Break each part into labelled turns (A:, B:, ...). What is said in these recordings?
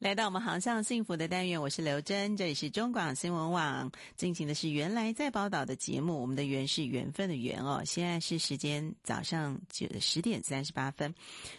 A: 來到我們航向幸福的單元，我是劉真，這裡是中廣新聞網進行的是緣來在寶島的節目。我們的緣是緣分的緣哦，現在是時間早上九十點三十八分。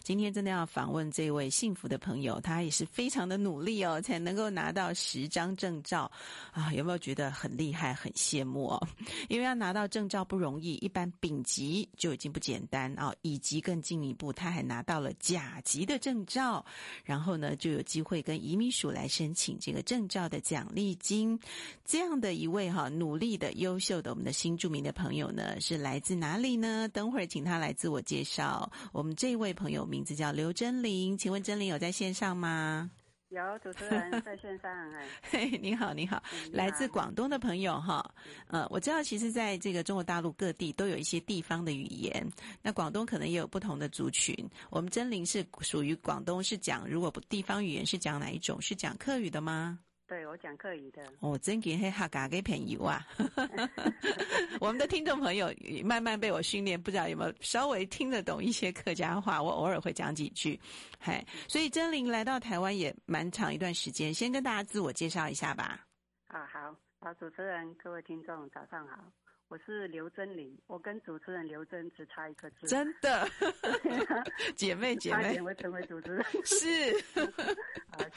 A: 今天真的要訪問這位幸福的朋友，他也是非常的努力哦，才能夠拿到十張證照啊！有沒有覺得很厲害、很羨慕？哦，因為要拿到證照不容易，一般丙級就已經不簡單啊，乙級更進一步，他還拿到了甲級的證照，然後呢就有機會。跟移民署來申請這個證照的獎勵金，這樣的一位哈、啊、努力的、優秀的我們的新住民的朋友呢，是來自哪裡呢？等會兒請他來自我介紹。我們這一位朋友名字叫劉貞麟，請問貞麟有在線上嗎？
B: 有
A: 主持人在線上哎，你好你好，嗯、你好，來自廣東的朋友哈，呃，我知道其實在這個中國大陸各地都有一些地方的語言，那廣東可能也有不同的族群。我們貞麟是屬於廣東是，是講如果不地方語言是講哪一種？是講客語的嗎？對我講客語的。哦，真杰是客家給朋友啊。 我們的聽眾朋友慢慢被我訓練，不知道有沒有稍微聽得懂一些客家話。我偶爾會講幾句，嘿。所以貞麟來到台灣也蠻長一段時間，先跟大家自我介紹一下吧。啊，
B: 好，好，主持人，各位聽眾，早上好，我是劉貞麟，我跟主持人劉真只差一個字，真的，
A: 姐 妹 姐妹，姐妹我成為
B: 主持人是。 好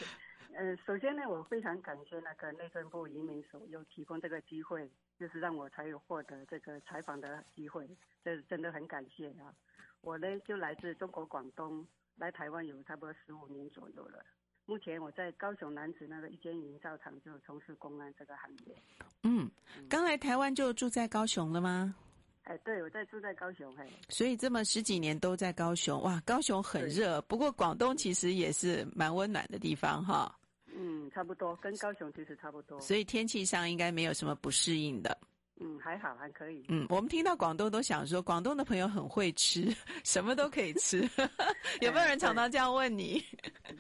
B: 嗯，首先呢，我非常感謝那個內政部移民署有提供這個機會，就是讓我才有獲得這個採訪的機會，這真的很感謝啊。我呢就來自中國廣東，來台灣有差不多十五年左右了。目前我在高雄楠梓那個一間營造廠就從事公安這個行業。
A: 嗯，剛來台灣就住在高雄了嗎？
B: 哎，對，我在住在高雄，嘿。
A: 所以這麼十幾年都在高雄哇，高雄很熱，不過廣東其實也是蠻溫暖的地方哈。
B: 嗯，差不多，跟高雄其實差不多，所
A: 以天氣上應該沒有什麼不適應的。
B: 嗯，還好，還可以。
A: 嗯，我們聽到廣東都想說，廣東的朋友很會吃，什麼都可以吃。 有沒有人常常這樣問你？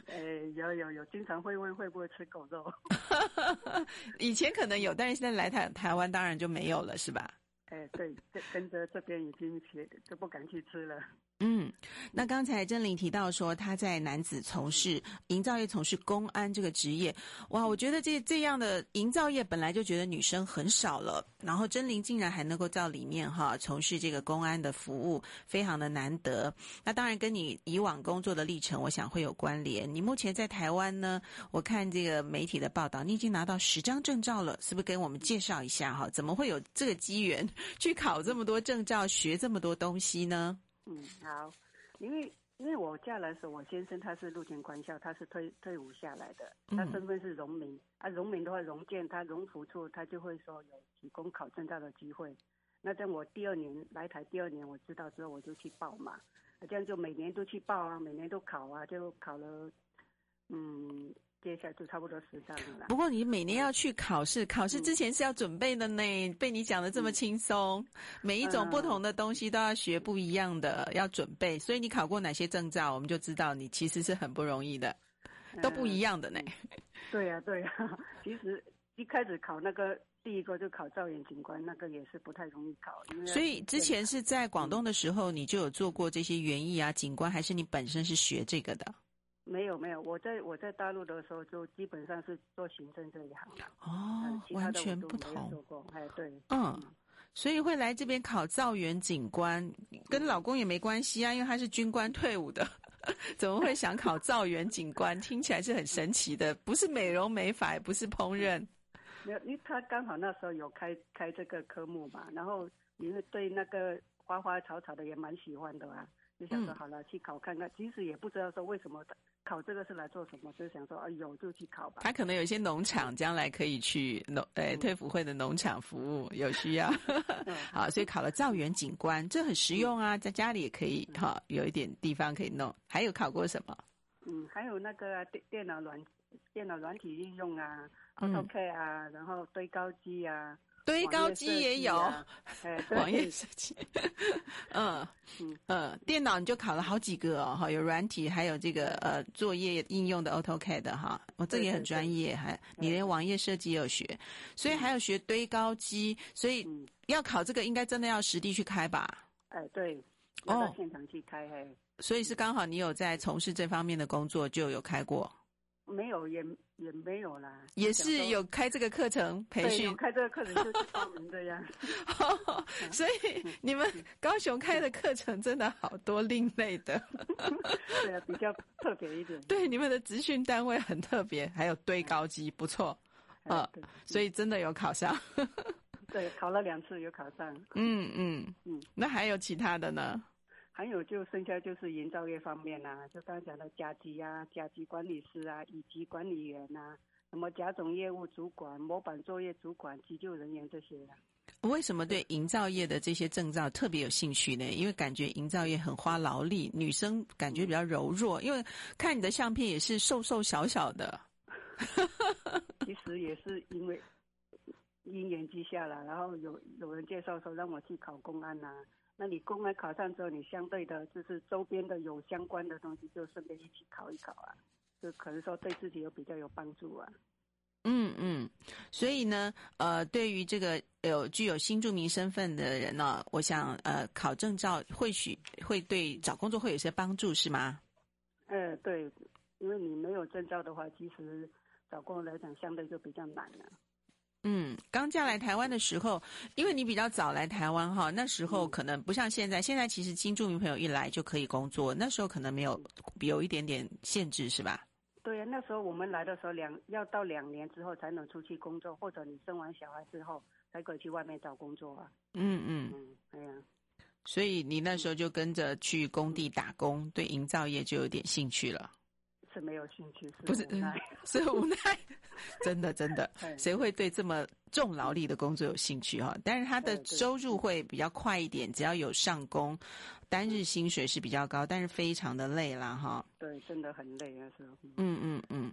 B: 哎，哎有有有，經常會問會不會吃狗肉。
A: 以前可能有，但是現在來台台灣當然就沒有了，是吧？哎，
B: 對，跟跟着這邊已經去就不敢去吃了。
A: 嗯，那剛才貞麟提到說，她在男子從事營造業從事工安這個職業。哇，我覺得這這樣的營造業本來就覺得女生很少了，然後貞麟竟然還能夠到裡面哈從事這個工安的服務，非常的難得。那當然跟你以往工作的歷程，我想會有關聯。你目前在台灣呢，我看這個媒體的報道，你已經拿到十張證照了，是不是？跟我們介紹一下哈，怎麼會有這個機緣去考這麼多證照，學這麼多東西呢？
B: 嗯，好，因為因為我嫁來的時候，我先生他是陸軍官校，他是退退伍下來的，他身份是榮民、嗯、啊。榮民的話，榮建他榮服處他就會說有提供考證照的機會。那在我第二年來台，第二年我知道之後，我就去報嘛，這樣就每年都去報啊，每年都考啊，就考了。嗯，接下來就差不多是這樣
A: 子了啦。不過你每年要去考試，嗯，考試之前是要準備的呢？嗯，被你講的這麼輕鬆，嗯，每一種不同的東西都要學不一樣的，嗯，要準備。所以你考過哪些證照，我們就知道你其實是很不容易的，嗯，都不一樣的呢。對、嗯、呀，
B: 對呀、啊啊。其實一開始考那個第一個就考造園景觀，那個也是不太容易考。所以之前
A: 是在廣東的時候，嗯，你就有做過這些園藝啊、景觀，還是你本身是學這個的？
B: 沒有沒有，我在我在大陸的時候就基本上是做行政這一行、哦呃、的
A: 哦，完全不同。
B: 哎，對，嗯，嗯
A: 所以會來這邊考造園景觀，跟老公也沒關係啊，因為他是軍官退伍的， 怎麼會想考造園景觀？ 聽起來是很神奇的，不是美容美髮，不是烹飪，
B: 沒有，因為他剛好那時候有開開這個科目嘛，然後因為對那個花花草草的也蠻喜歡的嘛、啊，就想着、嗯、好了去考看看，其實也不知道說為什麼。考這個是來做什麼？就是想說，哎、哦、呦，就去考吧。他可能
A: 有一些農場，將來可以去農，哎、嗯，退、呃、輔會的農場服務有需要， 所以考了造園景觀，這很實用啊，在家裡也可以哈、嗯哦，有一點地方可以弄。還有考過什麼？嗯，
B: 還有那個電、啊、電腦軟電腦軟體應用啊 AutoCAD 啊，然後堆高機啊。
A: 堆高機也有，
B: 網頁設
A: 計，嗯嗯，嗯，電腦你就考了好幾個哦，哈，有軟體，還有這個呃作業應用的 AutoCAD 的。哦，哈，我這個也很專業，對對對還你連網頁設計也有學，所以還有學堆高機，所以要考這個應該真的要實地去開吧？哎，
B: 對，我到現場去
A: 開，哦，所以是剛好你有在從事這方面的工作，就有開過。
B: 沒有，也也沒有啦
A: 也。也是有開這個課程培訓。有開
B: 這個課程就是專門
A: 這樣、 哦。所以你們高雄開的課程真的好多另類的。 對
B: 啊，比較特別一
A: 點。對，你們的職訓單位很特別，還有堆高機、啊、不錯。啊，所以真的有考上。
B: 對，考了兩次有考上。
A: 嗯嗯嗯，那還有其他的呢？
B: 還有就剩下就是營造業方面啦、啊，就剛才講的甲級呀、啊、甲級管理師啊、以及管理員吶、啊，什麼甲種業務主管、模板作業主管、急救人員這些、啊。
A: 為什麼對營造業的這些證照特別有興趣呢？因為感覺營造業很花勞力，女生感覺比較柔弱。因為看你的相片也是瘦瘦小小的。
B: 其實也是因為姻緣之下了，然後有有人介紹說讓我去考公安吶、啊。那你工安考上之後，你相對的就是周邊的有相關的東西，就順便一起考一考啊，就可能說對自己有比較有幫助啊。
A: 嗯嗯，所以呢，呃，對於這個有具有新住民身份的人呢，哦，我想呃，考證照或許會對找工作會有些幫助，是嗎？
B: 呃，對，因為你沒有證照的話，其實找工作來講相對就比較難了，啊。
A: 嗯，剛嫁來台灣的時候，因為你比較早來台灣哈，那時候可能不像現在。現在其實新住民朋友一來就可以工作，那時候可能沒有有一點點限制，是吧？
B: 對啊，那時候我們來的時候兩要到兩年之後才能出去工作，或者你生完小孩之後才可以去外面找工作啊。嗯嗯，哎、嗯、
A: 呀，所以你那時候就跟着去工地打工，對營造業就有點興趣了。是沒有興趣，不是無奈是、嗯，是無奈。 真的，真的，誰會對這麼重勞力的工作有興趣哈、哦，但是他的收入會比較快一點，只要有上工。單日薪水是比較高，但是非常的累了哈。
B: 對，真的很累那時
A: 候。嗯嗯嗯、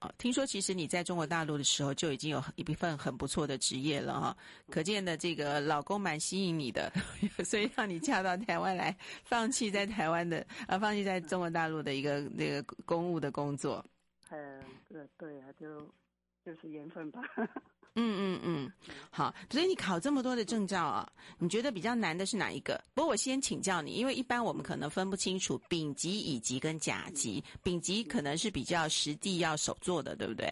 A: 哦，聽說其實你在中國大陸的時候就已經有一份很不錯的職業了哈，可見的這個老公蠻吸引你的，嗯、 所以讓你嫁到台灣來，放棄在台灣的啊、呃，放棄在中國大陸的一個那、嗯，這個公務的工作。
B: 嗯、呃，對啊，就就是緣分吧。
A: 嗯嗯嗯，好。所以你考這麼多的證照啊，你覺得比較難的是哪一個？不過我先請教你，因為一般我們可能分不清楚丙級、乙級跟甲級。丙級可能是比較實際要手做的，對不對？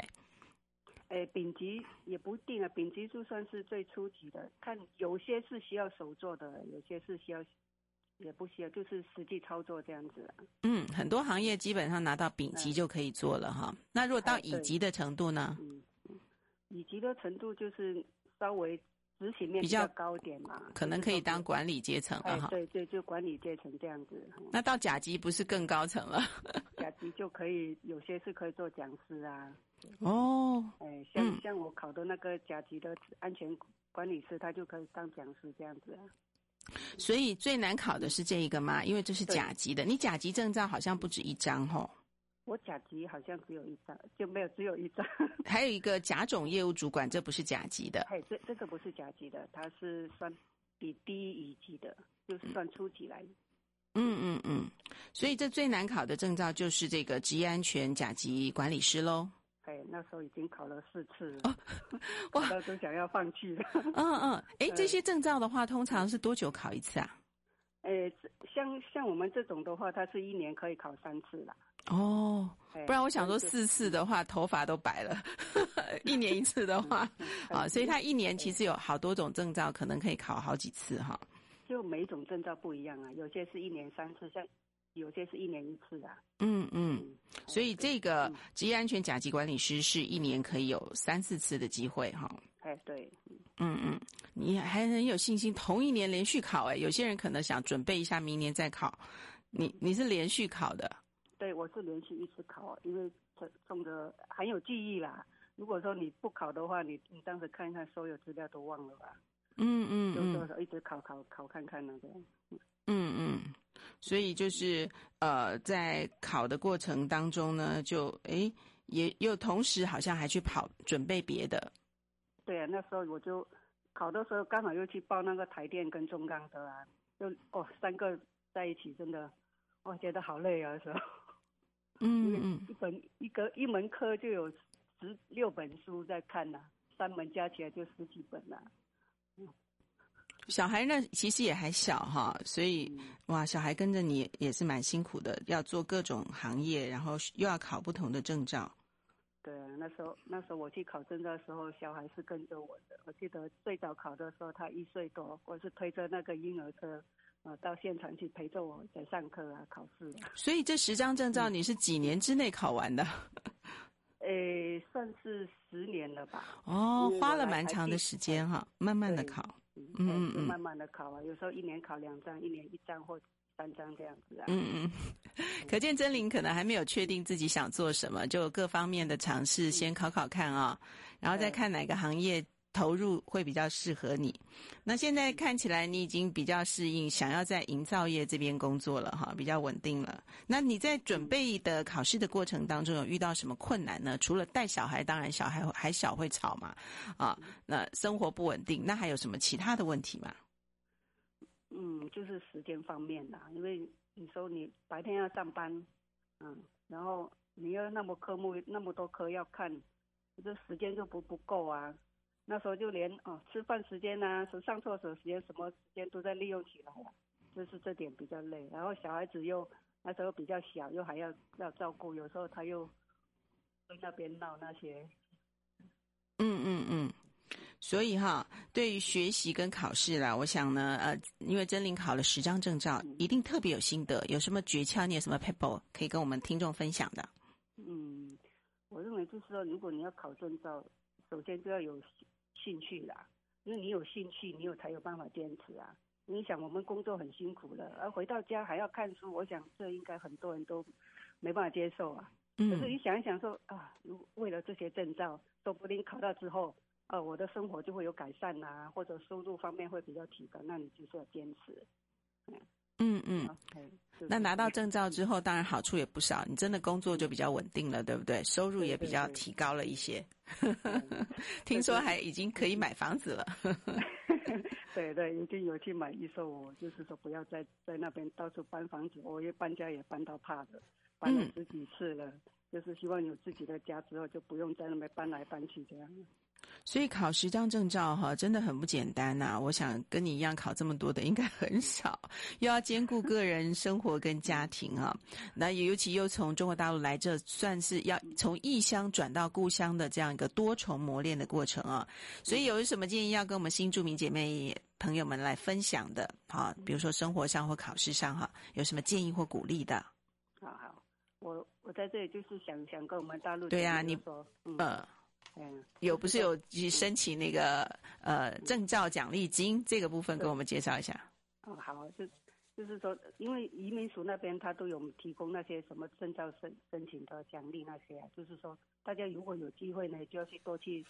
B: 誒，丙級也不定啊，丙級就算是最初級的，看有些是需要手做的，有些是需要也不需要，就是實際操作這樣子。
A: 嗯，很多行業基本上拿到丙級就可以做了哈。啊、那如果到乙級的程度呢？
B: 乙級的程度就是稍微執行面比較高點嘛，可能
A: 可以當管理階層了
B: 對、嗯、對,對，就管理階層這樣子。那
A: 到甲級不是更高層了？
B: 甲級就可以 有些是可以做講師啊。
A: 哦。欸、
B: 像像我考的那個甲級的安全管理師，他就可以當講師這樣子、啊。
A: 所以最難考的是這一個嗎？因為這是甲級的，你甲級證照好像不止一張哦。
B: 我甲級好像只有一張，就沒有只有一張。
A: 還有一個甲種業務主管，這不是甲級的。
B: 哎，這這個不是甲級的，它是算比低一,一級的，就是算初級來。
A: 嗯嗯嗯。所以這最難考的證照就是這個職業安全甲級管理師嘍。
B: 哎，那時候已經考了四次，我、哦、都想要放棄了。
A: 嗯嗯，哎，這些證照的話，通常是多久考一次啊？
B: 哎、呃，像像我們這種的話，它是一年可以考三次啦。哦，不然我想說四次
A: 的話，頭髮都白了。 一年一次的話，啊、嗯哦嗯，所以他一年其實有好多種證照，可能可以考好幾次哈、
B: 哦。就每種證照不一樣啊，有些是一年三次，像有些是一年一次的，啊。
A: 嗯嗯，嗯，所以這個職業安全甲級管理師是一年可以有三四次的機會哈。
B: 哎、哦，對，嗯
A: 嗯，你還很有信心，同一年連續考哎。有些人可能想準備一下明年再考，你你是連續考的。
B: 對，我是連續一直考，因為衝的很有記憶啦。如果說你不考的話，你你當時看一看，所有資料都忘了吧？
A: 嗯嗯就，就一
B: 直考考考看看那個。嗯
A: 嗯，所以就是呃，在考的過程當中呢，就哎也又同時好像還去考準備別的。
B: 對啊，那時候我就考的時候剛好又去報那個台電跟中鋼的啊，就哦三個在一起，真的，我，哦，覺得好累啊那時候。嗯嗯，一本一個一門科就有十六本書在看吶、啊，三門加起來就十幾本了、
A: 啊嗯。小孩呢其實也還小哈，所以、嗯、哇，小孩跟着你也是蠻辛苦的，要做各種行業，然後又要考不同的證照。
B: 對，那時候那時候我去考證的時候，小孩是跟着我的。我記得最早考的時候，他一歲多，我是推着那個嬰兒車。到現場去陪着我在上課啊，考試。
A: 所以這十張證照你是幾年之內考完的？
B: 誒、嗯欸，算是十年了吧。
A: 哦，嗯、花了蠻長的時間哈、嗯，慢慢的考。嗯嗯慢
B: 慢的考啊，有時候一年考兩張，一年一張或三張這
A: 樣子、啊。嗯嗯，嗯可見貞麟可能還沒有確定自己想做什麼，就有各方面的嘗試、嗯，先考考看啊、哦，然後再看哪個行業。投入會比較適合你，那現在看起來你已經比較適應，想要在營造業這邊工作了哈，比較穩定了。那你在準備的考試的過程當中，有遇到什麼困難呢？除了帶小孩，當然小孩還小會吵嘛，啊，那生活不穩定，那還有什麼其他的問題嗎？嗯，
B: 就是時間方面啦，因為你說你白天要上班，嗯，然後你要那麼科目那麼多科要看，這時間就不不夠啊。那時候就連啊、哦、吃飯時間吶、啊，上上廁所時間，什麼時間都在利用起來，就是這點比較累。然後小孩子又那時候比較小，又還要要照顧，有時候他又在那邊鬧那些。
A: 嗯嗯嗯，所以哈，對於學習跟考試啦，我想呢，呃，因為貞麟考了十張證照、嗯，一定特別有心得，有什麼訣竅？你有什麼撇步可以跟我們聽眾分享的？嗯，
B: 我認為就是說，如果你要考證照，首先就要有。興趣啦，因為你有興趣，你有才有辦法堅持啊。你想，我們工作很辛苦了，而回到家還要看書，我想這應該很多人都沒辦法接受啊。嗯、可是你想一想說，說啊，為了這些證照，說不定考到之後，呃、啊，我的生活就會有改善啊，或者收入方面會比較提高，那你就是要堅持。嗯
A: 嗯嗯，那拿到證照之後，當然好處也不少，你真的工作就比較穩定了，對不對？收入也比較提高了一些。 聽說還已經可以買房子
B: 了。 對對，對，已經有去買預售。我就是說不要再在，在那邊到處搬房子，我也搬家也搬到怕的，搬了十幾次了，就是希望有自己的家之後，就不用在那邊搬來搬去這樣。
A: 所以考十張證照哈、哦，真的很不簡單吶、啊！我想跟你一樣考這麼多的應該很少，又要兼顧個人生活跟家庭啊、哦。那尤其又從中國大陸來，這算是要從異鄉轉到故鄉的這樣一個多重磨練的過程啊、哦。所以有什麼建議要跟我們新住民姐妹朋友們來分享的哈、哦？比如說生活上或考試上哈、哦，有什麼建議或鼓勵的？好好，我我在這
B: 裡就是想想跟我們大陸的對呀、啊，你呃。嗯嗯，
A: 有不是有去申請那個呃證照獎勵金這個部分，給我們介紹一下。嗯，
B: 好，就就是說，因為移民署那邊他都有提供那些什麼證照申申請的獎勵那些啊，就是說大家如果有機會呢，就要去多去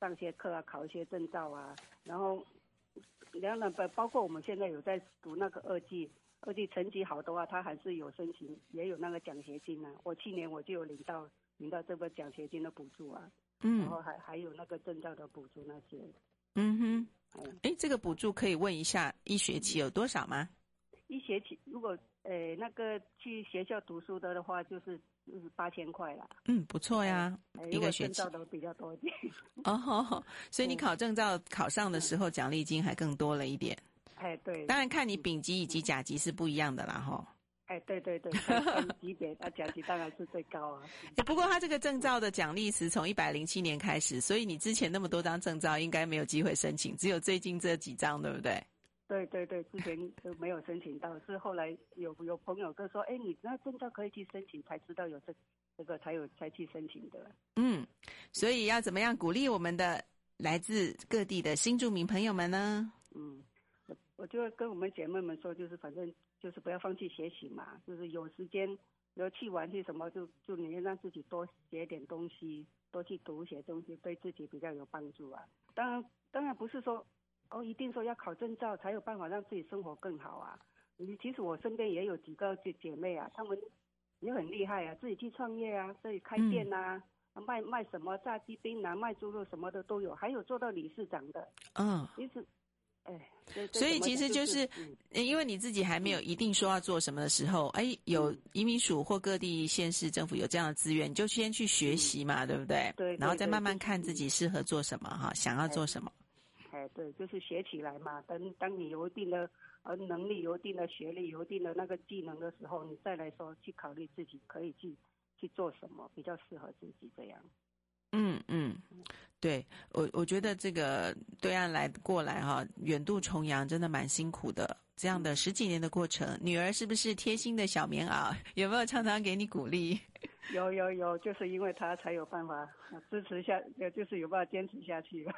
B: 上些課啊，考一些證照啊。然後，然後呢，包包括我們現在有在讀那個二技，二技成績好的話啊，他還是有申請也有那個獎學金呢啊。我去年我就有領到領到這個獎學金的補助啊。嗯，然後還還有那個證照的補助那些，
A: 嗯哼，哎，這個補助可以問一下一學期有多少嗎？
B: 一學期如果誒那個去學校讀書的的話，就是嗯八千塊了。
A: 嗯，不錯呀，一個學期都比較多一點。哦，哦，所以你考證照、嗯、考上的時候獎勵金還更多了一點。
B: 哎，對，當然
A: 看你丙級以及甲級是不一樣的啦，吼。
B: 哎，對對對，他級別他獎金當然是最
A: 高啊。哎，不過他這個證照的獎勵是從一百零七年開始，所以你之前那麼多張證照應該沒有機會申請，只有最近這幾張，對不對？
B: 對對對，之前都沒有申請到，是後來有有朋友跟說：“哎，你那證照可以去申請”，才知道有這個、這個，才有才去申請的。
A: 嗯，所以要怎麼樣鼓勵我們的來自各地的新住民朋友們呢？嗯，
B: 我我就跟我們姐妹們說，就是反正。就是不要放棄學習嘛，就是有時間要去玩去什麼，就就寧願讓自己多學點東西，多去讀些東西，對自己比較有幫助啊。當然，當然不是說，哦，一定說要考證照才有辦法讓自己生活更好啊。你其實我身邊也有幾個姐姐妹啊，她們也很厲害啊，自己去創業啊，自己開店吶、啊嗯，賣賣什麼炸雞檳榔啊，賣豬肉什麼的都有，還有做到理事長的，嗯，其實。哎對對，所以其實就是、
A: 就是嗯，因為你自己還沒有一定說要做什麽的時候、嗯，哎，有移民署或各地縣市政府有這樣的資源，嗯、你就先去學習嘛，嗯、對不對，對，對？對，然後再慢慢看自己適合做什麽哈、就是啊，想要做什麽
B: 哎。哎，對，就是學起來嘛。等當你有一定的呃能力有、有一定的學歷、有一定的那個技能的時候，你再來說去考慮自己可以去去做什麽，比較適合自己這樣。
A: 嗯。對我，我覺得這個對岸來過來哈，遠渡重洋真的蠻辛苦的。這樣的十幾年的過程，女兒是不是貼心的小棉襖？有沒有常常給你鼓勵？
B: 有有有，就是因為他才有辦法支持一下，就是有辦法堅持下去吧。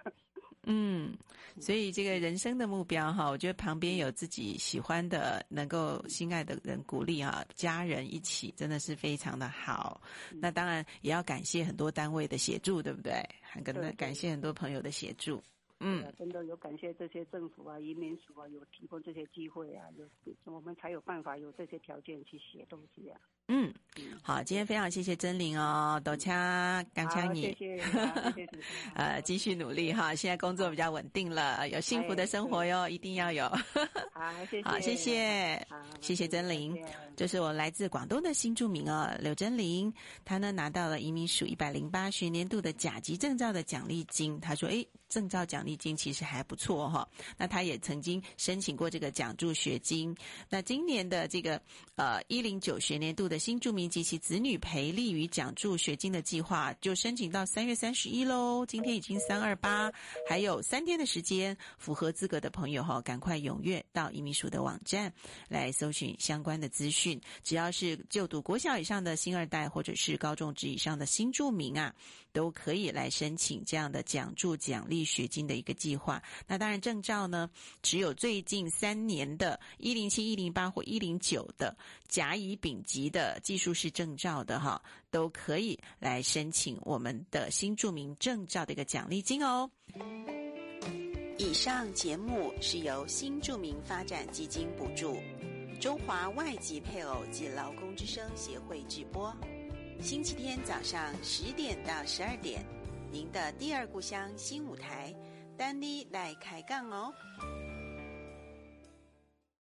A: 嗯，所以這個人生的目標哈，我覺得旁邊有自己喜歡的、能夠心愛的人鼓勵哈，家人一起真的是非常的好。那當然也要感謝很多單位的協助，對不對？還跟感謝很多朋友的協助，對對嗯、啊，
B: 真的有感謝這些政府啊、移民署啊，有提供這些機會啊，有我們才有辦法有這些條件去寫東西啊，嗯。
A: 嗯、好，今天非常謝謝貞麟哦，嗯、多槍感謝你，謝謝 呃，繼續努力哈，現在工作比較穩定了，有幸福的生活喲，一定要有 好，謝謝，好，謝謝，好，謝謝，謝謝貞就是我來自廣東的新住民哦，劉貞麟，他呢拿到了移民署一百零八學年度的甲級證照的獎勵金。他說：“誒，證照獎勵金其實還不錯哈、哦。”那他也曾經申請過這個獎助學金。那今年的這個呃一零九學年度的新住民及其子女培力與獎助學金的計劃，就申請到三月三十一嘍。今天已經三二八，還有三天的時間，符合資格的朋友哈、哦，趕快踊躍到移民署的網站來搜尋相關的資訊。只要是就讀國小以上的新二代，或者是高中職以上的新住民啊，都可以來申請這樣的獎助獎勵學金的一個計劃。那當然，證照呢，只有最近三年的一零七、一零八或一零九的甲、乙、丙級的技術士證照的哈、啊，都可以來申請我們的新住民證照的一個獎勵金哦。以上節目是由新住民發展基金補助。中華外籍配偶及勞工之聲協會直播，星期天早上十點到十二點，您的第二故鄉新舞台，丹妮來開槓哦。